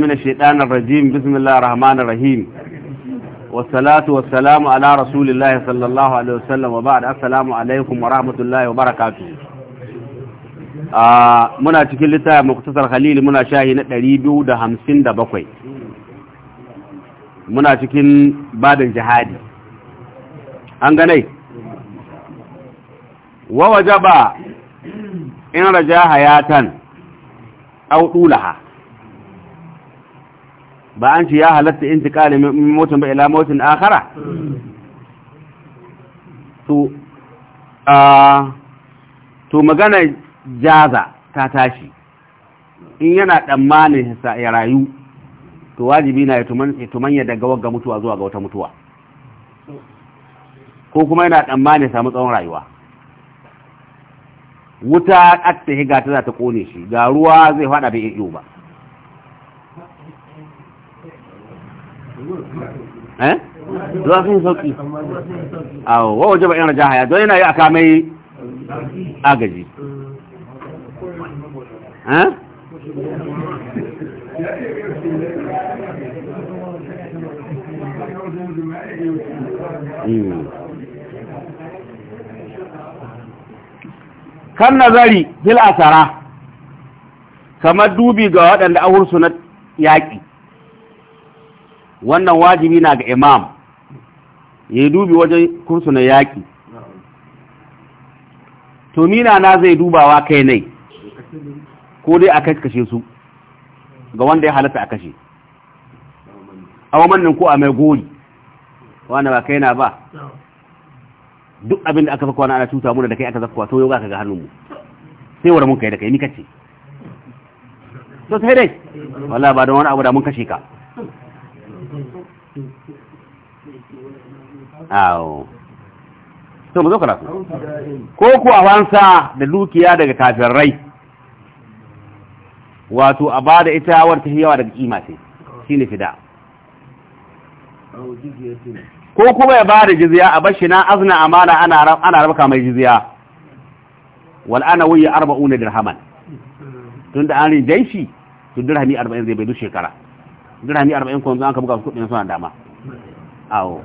من الشيطان الرجيم بسم الله الرحمن الرحيم والصلاة والسلام على رسول الله صلى muna cikin littafi muktasar khalili muna shahi na ɗari biyu da hamsin da bakwai muna cikin badin jihadi an ganai wa wajaba in raja hayatan au ɗulaha ba an ce ya halatta intikali min motin ba ila motin akara to magana jaza ta tashi in yana tsammanin ya rayu to wajibi na ya tumanya daga wagga mutuwa zuwa ga wata mutuwa ko kuma yana tsammanin samu tsawon rayuwa wuta ta higa ta za ta kone shi ga ruwa zai fada bai iyo ba eh zuwa sun sauki a waje ba in rajaha ya don yana yi a kamai agaji eh? hmm. kan nazari fil asara kamar dubi ga waɗanda ahursu na yaƙi wannan wajibi na ga imam ya yi dubi wajen kursu na yaƙi to nina na zai dubawa kai nai ko dai a kashe su ga wanda ya halatta a kashe awamannin ko a mai goli wanda ba kai na ba duk abin da aka zakwa na ana cuta muna da kai aka zakwa to yau za ka ga hannunmu sai wadda mun kai da kai ni kace to sai dai wala ba don wani abu da mun kashe ka awo to mu zo rasu. ko ku a wansa da dukiya daga rai wato a bada ita wadda ta yawa daga kima ce ne fida ko kuma ya bada jizya a bashi na azna amana ana ana rabka mai jizya wal ana wiya 40 dirhaman da an rinjai shi tun dirhami arba'in zai bai duk shekara dirhami arba'in kwanzu an ka buga kudin suna dama awo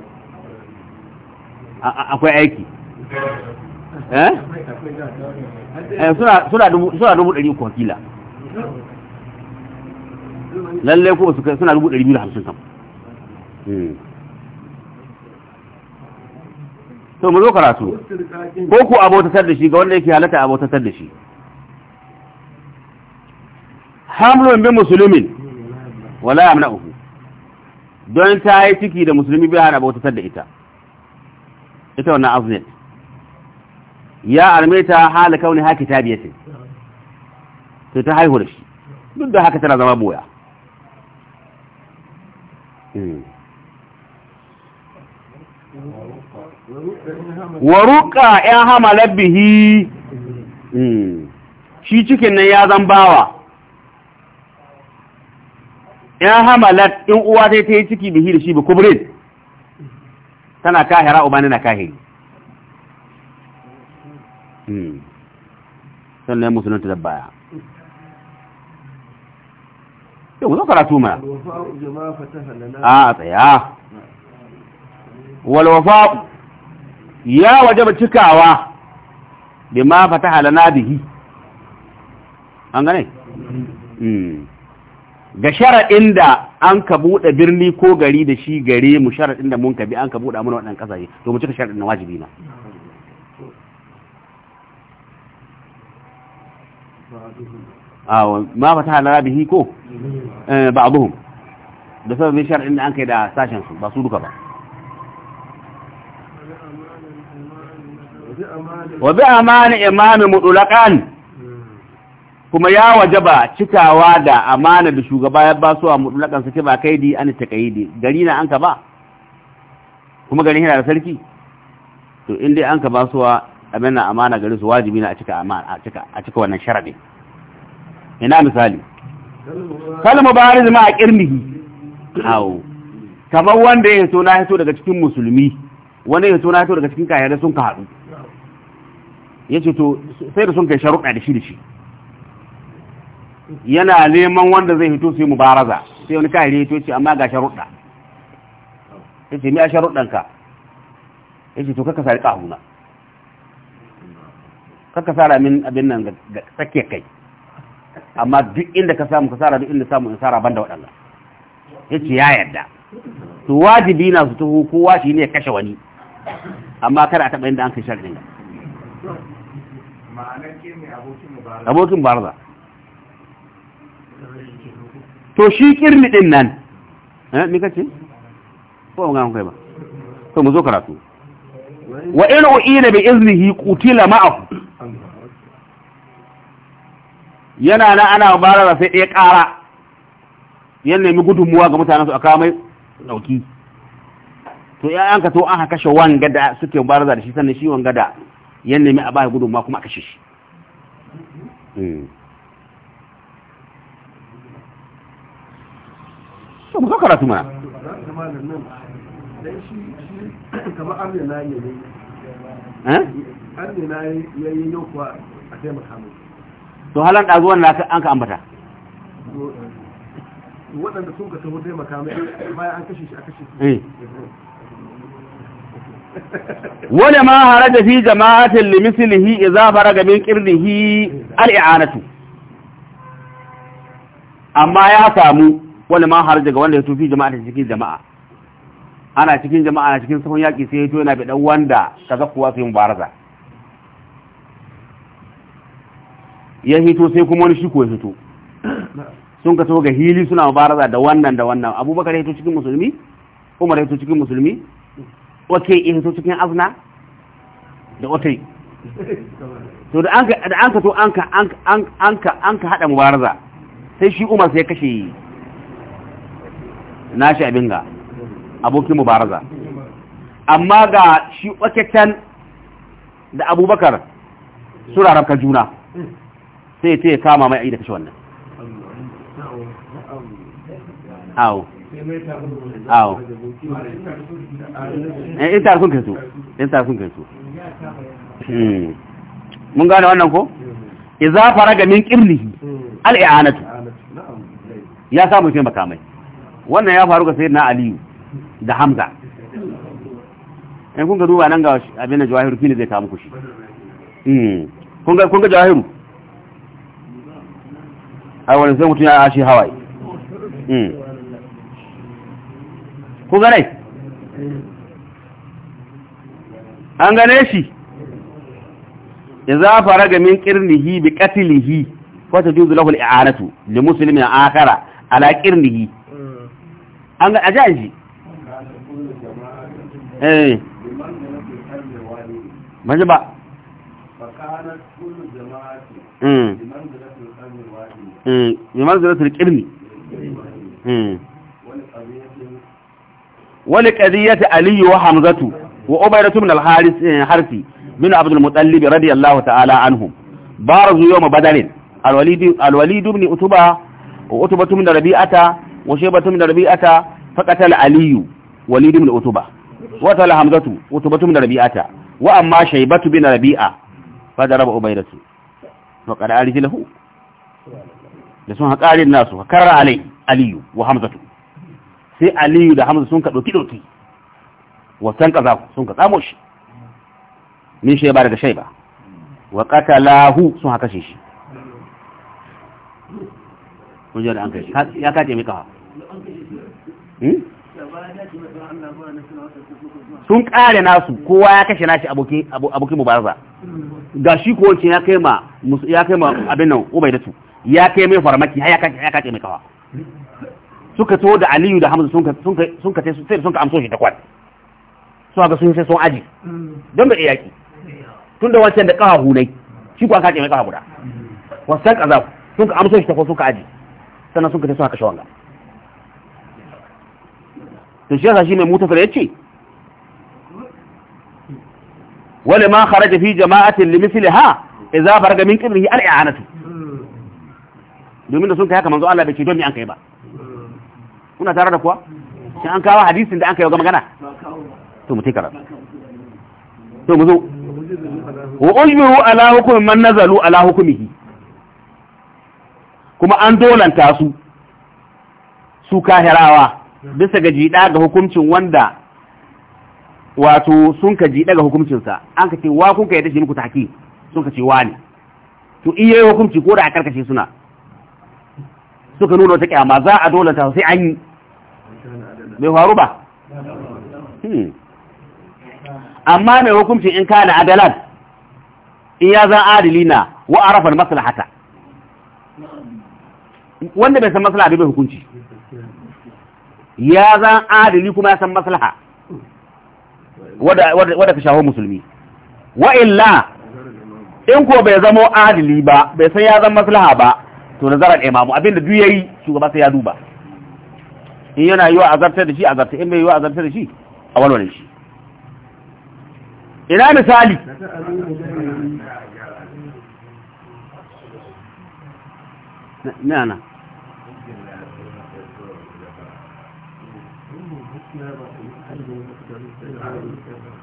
akwai aiki eh, eh suna dubu ɗari uku wakila lallai ko suka suna dubu ɗari biyu da hamsin kam hmm. to mu zo karatu ko ku abotatar da shi ga wanda yake halatta abotatar da shi hamlin bin musulmin wala uku don ta yi ciki da musulmi bai hana abotatar da ita ita wannan afnil ya almeta hali kauni haka ta biya to ta haihu da shi duk da haka tana zama boya hmm. wa ya yan hamalar bihi hmm. shi cikin nan ya zan bawa yan hamalar in uwa ta yi ciki bihi da shi bi kubrin tana kahira ubani na kahiri hmm. sannan ya musulunta da baya yau zo karatu mana a tsaya walwafa ya waje ba cikawa bi ma fataha lana bihi an gane hmm. ga shara'in da an ka buɗe birni ko gari da shi gare mu sharaɗin da mun ka an ka buɗe mana waɗannan ƙasashe to mu cika sharaɗin na wajibi na ma ta halara bihi ko eh, ba abuhum da sababin sharaɗin da an kai da sashen su ba su duka ba wa bi amana imamin mutulakan kuma ya wajaba cikawa da amana da shugaba ya ba su a mutlakan su ce ba kaidi an ta di gari na an ka ba kuma garin yana da sarki to in dai an ka ba su a amana amana gari su wajibi na a cika amana a cika a cika wannan sharadi ina misali kalmu bariz ma a kirmihi awo kamar wanda ya so na hito daga cikin musulmi wanda ya so na hito daga cikin kayyar sun ka haɗu ya ce to sai da sun kai sharuɗa da shi da shi yana neman wanda zai hito su yi mubaraza sai wani kayan hito ce amma ga sharuɗa ya ce mi a sharuɗanka ya ce to kaka sari ƙahuna kaka sara min abin nan ga sake kai amma duk inda ka samu ka sara duk inda samu in sara ban da waɗanda ya ce ya yarda to wajibi na su tuhu kowa shi ne kashe wani amma kada a taɓa inda an kai sharɗin abokin barza to shi kirmi din nan eh me kace ko ga mun kai ba to mu zo karatu wa in uina bi iznihi qutila ma'ahu yana na ana da sai ɗaya ƙara yan nemi gudunmuwa ga mutanen su a kawo mai ɗauki to ya an ka to an kashe wanga da suke barara da shi sannan shi wanga da yan nemi a ba gudunmuwa kuma a kashe shi hmm. sun mu zo karatu mana eh? to halan da zuwan naka an ka ambata waɗanda sun ka taho taimaka mai bayan an kashe shi a kashe shi eh. wani ma da fi jama'atin limislihi idza faraga min qirdihi al-i'anatu amma ya samu wani ma har daga wanda ya tufi jama'a ta cikin jama'a ana cikin jama'a ana cikin sahun yaƙi sai ya to yana bidan wanda kaza kuwa sai mubaraza ya hito sai kuma wani shi ko ya hito sun ka ga hili suna mubaraza da wannan da wannan abubakar ya hito cikin musulmi umar ya hito cikin musulmi wake ya hito cikin azna da wata to da an ka to an ka an ka an ka an ka hada mubaraza sai shi umar sai kashe nashi abin ga abokin mubaraza amma ga shi ɓakeken da abubakar su rarrabka juna sai ta kama mai aida kashe wannan awo awo eh, in ta sun in ta sun hmm. mun gane wannan ko idza faraga min qirlihi al ya samu shi makamai. wannan ya faru ga na aliyu da hamza in kun ga duba nan ga abin da jawahiru ne zai kamu muku shi hmm. kun ga jawahiru a wani sai mutum ya ashe hawaii hmm. kun ga an gane shi ya za fara ga min kirnihi bi katilihi wata juzu lahul i'anatu li muslimin akara ala kirnihi an ga aji eh maji ba hmm. Hmm. liman zaratul kirmi hmm. wani ƙadiyyata aliyu wa hamzatu wa ubaidatu al-harfi min eh, abdul mutallib radiyallahu ta'ala anhum barazu yawm badalin al-walid al-walid ibn utba wa rabi'ata وشيبة من ربيعة فقتل علي وليد من أتبة وقتل حمزة أتبة من ربيعة وأما شيبة بن ربيعة فضرب أبيرة فقال علي له لسون هكاري الناس فكرر علي علي وحمزة سي علي ده حمزة سنك دوكي دوكي وتنقذه سنك تاموش من شيبة رجع شيبة وقتلاه سنك شيشي kun jiyar da an kai ya kace mai kawa hmm? sun kare nasu kowa ya kashe nashi abokin mubaraza ga shi ko wance ya kai ma ya kai ma abin nan ubaidatu ya kai mai farmaki har ya kace mai kawa suka to da aliyu da hamza sun ka sun ka sai sun ka amso shi da su ga sun sai sun aji don da tun tunda wancan da kawa hunai shi ko an kace mai kawa guda wasan kaza sun ka amso shi ta ko sun ka aji sannan sun kace sun haka shawanga to shi yasa shine ya yace wala ma kharaja fi jama'atin li misliha idza faraga min qibrihi al-i'anatu domin da sun kai haka manzo Allah bai ce don me an kai ba kuna tare da kuwa shi an kawo hadisin da an kai ga magana to mu tikara to mu zo wa ujmiru ala hukmi man nazalu ala hukmihi kuma an dolanta su su kahirawa bisa ga jiɗa ga hukuncin wanda wato sun ka jiɗa ga hukuncinsa an ka ce wa kun ka yadda shi muku taki sun ka ce wa ne to iya yi hukunci ko da a karkashe suna suka nuna wata kyama za a dolanta sai an yi bai faru ba hmm. amma mai hukuncin in kana adalat in ya zan adili wa arafal maslahata wanda bai san maslaha bai hukunci ya zan adali kuma ya san maslaha wadda ka shaho musulmi wa illa in ko bai zamo adali ba bai san ya zan maslaha ba to nazarar imamu abinda duk yayi shugaba sai ya duba in yana yiwa azartar da shi azarta in bai yiwa azartar da shi a walwale shi ina misali na na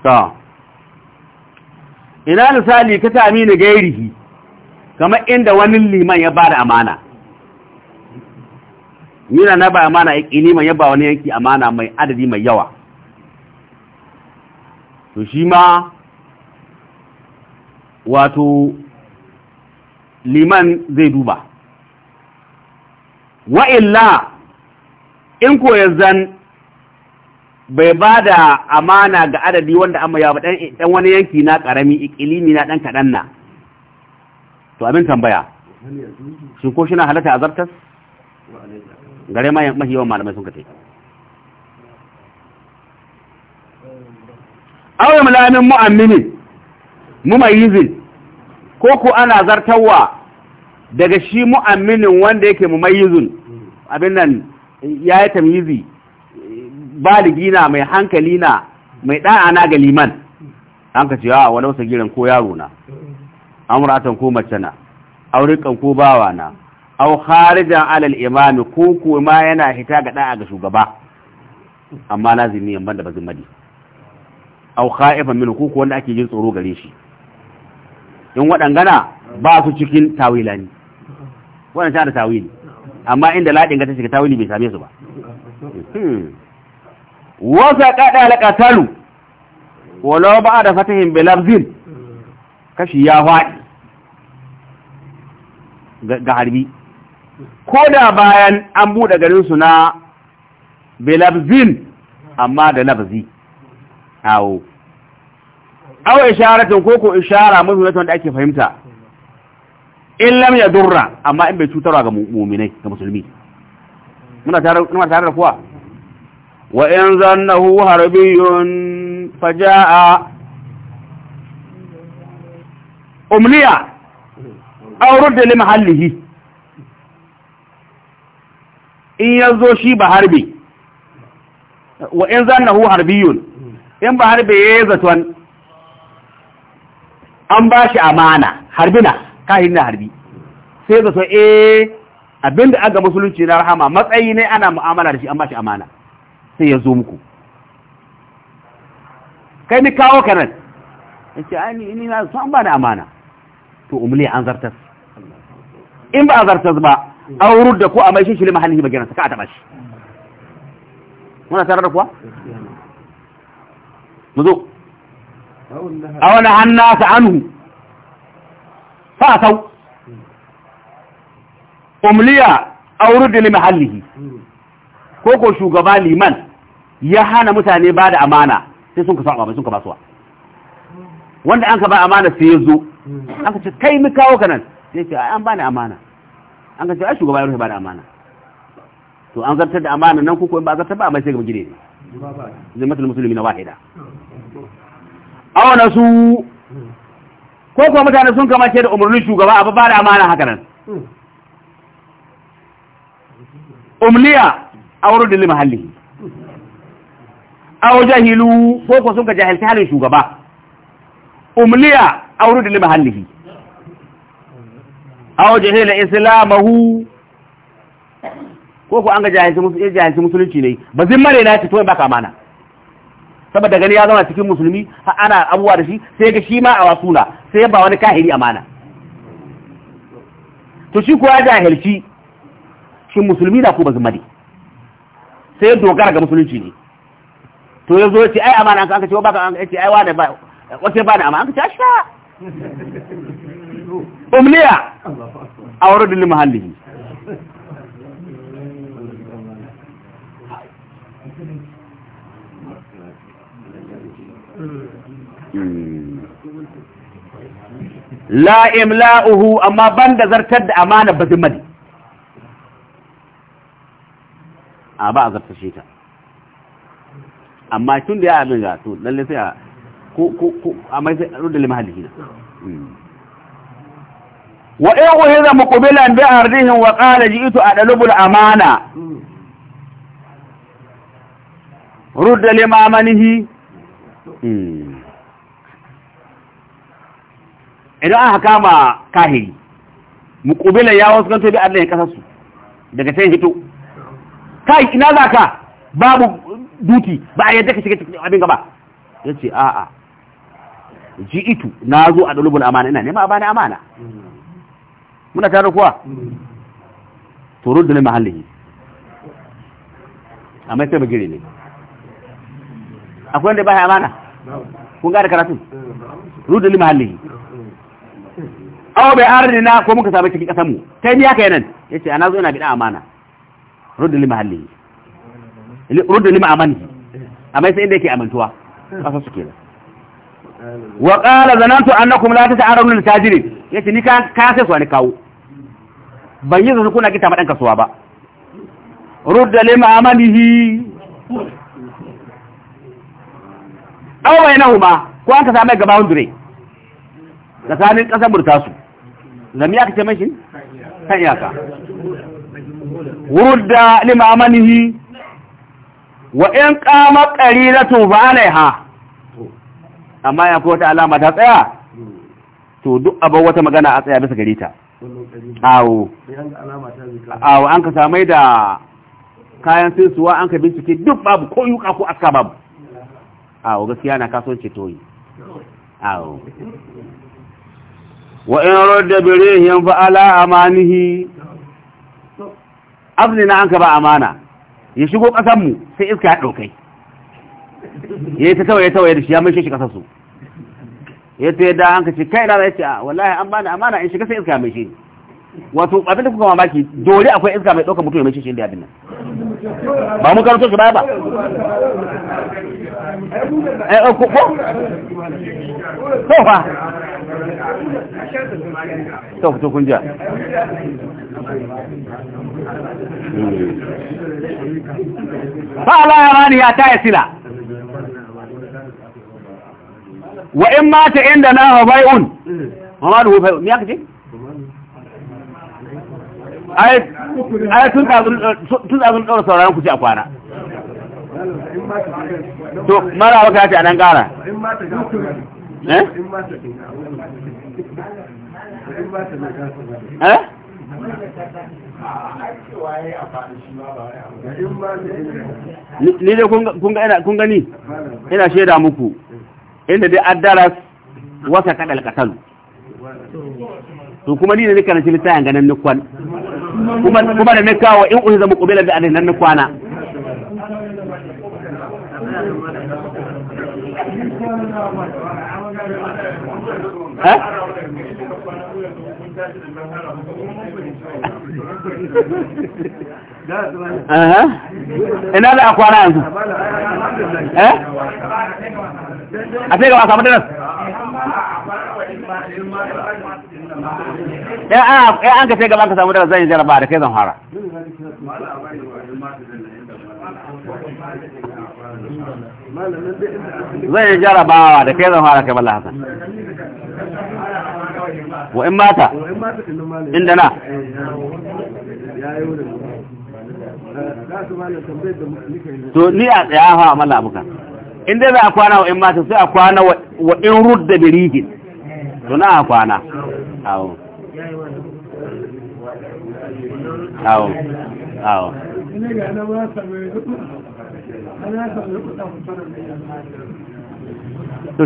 ta ina misali ka ta ni gairihi kamar inda wani liman ya ba da amana nina na ba amana yaki liman ya ba wani yanki amana mai adadi mai yawa to shi ma wato liman zai duba wa'illa in koyar zan bai ba da amana ga adadi wanda amma ya ba ɗan wani yanki na ƙarami, ikilimi na ɗan kaɗan na to abin tambaya shi ko shina a azartas gare ma mahi yawan malamai sun kace awai mu mai mumayyizin ko ku ana zartawa daga shi mu'amminin wanda yake mu mai mumayyizun abin nan ya yi tamyizi baligi na mai hankali na mai ɗa'a na ga liman an ka ce wa ah, wasa giran ko yaro na amuratan ko mace na aurikan ko bawa na aw kharijan alal imami ko ko ma yana hita ga da'a ga shugaba amma lazimi yan banda bazin madi aw khaifan min ko wanda ake jin tsoro gare shi in waɗangana ba su cikin tawilani waɗanda ta da tawili amma inda laɗin ga ta shiga tawili bai same su ba hmm. wasa kada alqatalu wala ba da fatihin bilabzin, kashi ya faɗi ga harbi ko da bayan an buɗe garinsu na bilabzin amma da lafzi awo awa isharatin ko ko ishara mun wata da ake fahimta in lam yadurra amma in bai cutarwa ga muminai ga musulmi muna tare da kuwa وإن ظنه هربي فجاء أمنية أو رد لمحله إن يزو شيب هربي وإن ظنه هربي إن بهربي يزتون an ba shi amana harbina kahin na harbi sai zato eh abinda aga musulunci na rahama matsayi ne ana mu'amala da shi an ba shi amana sai ya zo muku kai ni kawo ka nan in ce ai ni na so an bani amana to umli an zartas in ba a zartas ba an da ko a mai shi shi ba magana saka a taba shi muna tare da kuwa mu zo a wani hannasa anhu fa sau umliya da ni mahallihi ko ko shugaba liman ya hana mutane ba da amana sai sun ka saba mai sun ka basuwa wanda an ka ba amana sai ya zo an ka ce kai mu kawo ka nan sai ce an bani amana an ka ce ai shugaba ya rufe da amana to an zartar da amana nan kuku in ba zartar ba amma sai ga gine ne zimmatul musulmi na wahida awana su ko kuma mutane sun kamace da umarnin shugaba a ba da amana haka nan umliya a wurin dalilin mahalli aw jahilu ko ko sun ka jahilci halin shugaba umliya aw rudu li mahallihi aw jahila islamahu ko ko an ga jahilci musulunci jahilci musulunci ne ba zin mare na fito ba kamana saboda gani ya zama cikin musulmi ana abuwa da shi sai ga shi ma a wasuna sai ba wani kahiri amana to shi kuwa jahilci shi musulmi na ko ba zin mare sai dogara ga musulunci ne to ya zo ya ce ai amana an ka ce ba ka an ce ai wani ba wace ba da amana an ka ce sha umliya a wurin dilli muhallihi hmm. la imla'uhu amma banda zartar da amana bazimali a ba a zartashe ta amma tun da ya abin ga to lalle sai a ko ko ko amma sai a rudda limahalli hina hmm. wa in uhiza muqbilan bi ardihi wa qala ji'tu adlubu al-amana rudda limamanihi hmm. idan aka kama kahiri muqbilan ya wasu kanto bi ardihi kasasu daga sai hito kai ina zaka babu duti ba a yadda ka shiga cikin abin gaba ya ce a'a ji itu na zo a dalibin amana ina nema a bani amana muna tare kuwa turu da mahallin mai sai bagire ne akwai wanda ba ya amana kun ga da karatu rudu yi. hallihi aw bai arina ko muka sabai cikin kasan mu kai ni haka ce a ana zo ina bidan amana rudu lima hallihi ruddu lima amani amma sai inda yake amintuwa kasa su da wa qala zanantu annakum la tata'arun lil tajirin yace ni ka ka sai su wani kawo ban yi zan kuna kita madan kasuwa ba rudda lima amanihi aw bainahuma ko an ka same gaba hundure tsakanin kasar su zami aka ce mashi kan iyaka rudda lima amanihi. wa ƙari na tuba ne ha amma ya fi wata alama ta tsaya to duk abin wata magana a tsaya bisa gari ta awo awo an ka samai da kayan sinsuwa an ka bincike duk babu ko yuka ko aska babu awo gaskiya na kasuwanci toyi awo wa in radda birihin fa ala amanihi abnina an ka ba amana ya shigo mu sai iska ya ɗaukai ya yi ta tawaye tawaye da shi ya maishe shi su ya ta yadda an kace kai rana ya ce a wallahi an bani amana in shiga sai iska ya maishe ni wato abin da kuka mamaki dole akwai iska mai ɗaukar mutum ya maishe shi inda abin nan ba mu karanto shi baya ba eh, eh, ko fa to kun ja fa'ala ya rani ya taya sila wa in mata inda na wa bai'un mamadu hu bai'un ya kace ai tun tsazun ɗaura sauraron ku ci a kwana to mara waka ce a nan gara eh? eh? ni dai kun gani ina shaida muku inda dai addaras wata kadal katalu to kuma ni ne nika na cikin tayan ganin nukwan kuma da nika wa in uhiza muqbilan bi annan nukwana ha ina a kwana yanzu eh a sai gaba samu danas ɗan eh, eh, an ka sai gaba ka samu danas zai yi jaraba da kai zan fara zan yi jarabawa da kai zan fara kai bala hasan wa in mata inda na eh, to ni a tsaya hawa mala abuka in za a kwana wa in mata sai a kwana wa in rudda to na a kwana awo awo awo to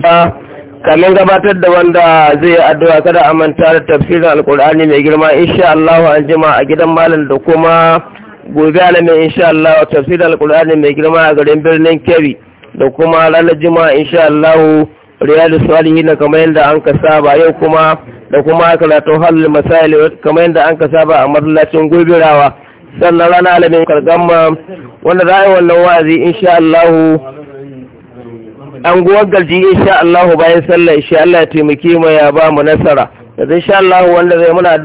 kamin gabatar da wanda zai addu'a kada a manta da tafsirin alkur'ani mai girma insha Allah an jima a gidan malam da kuma gobe alamin insha Allah tafsirin alkur'ani mai girma a garin birnin Kebbi da kuma ranar jima insha Allah riyadu salihin kamar yadda an ka saba yau kuma da kuma karatun halil masail kamar yadda an ka saba a masallacin gobirawa sannan ranar alamin kargamma wanda za a yi wannan wa'azi insha Allah anguwar galji insha Allah bayan sallah insha Allah ya taimake mu ya ba mu nasara yanzu insha Allah wanda zai muna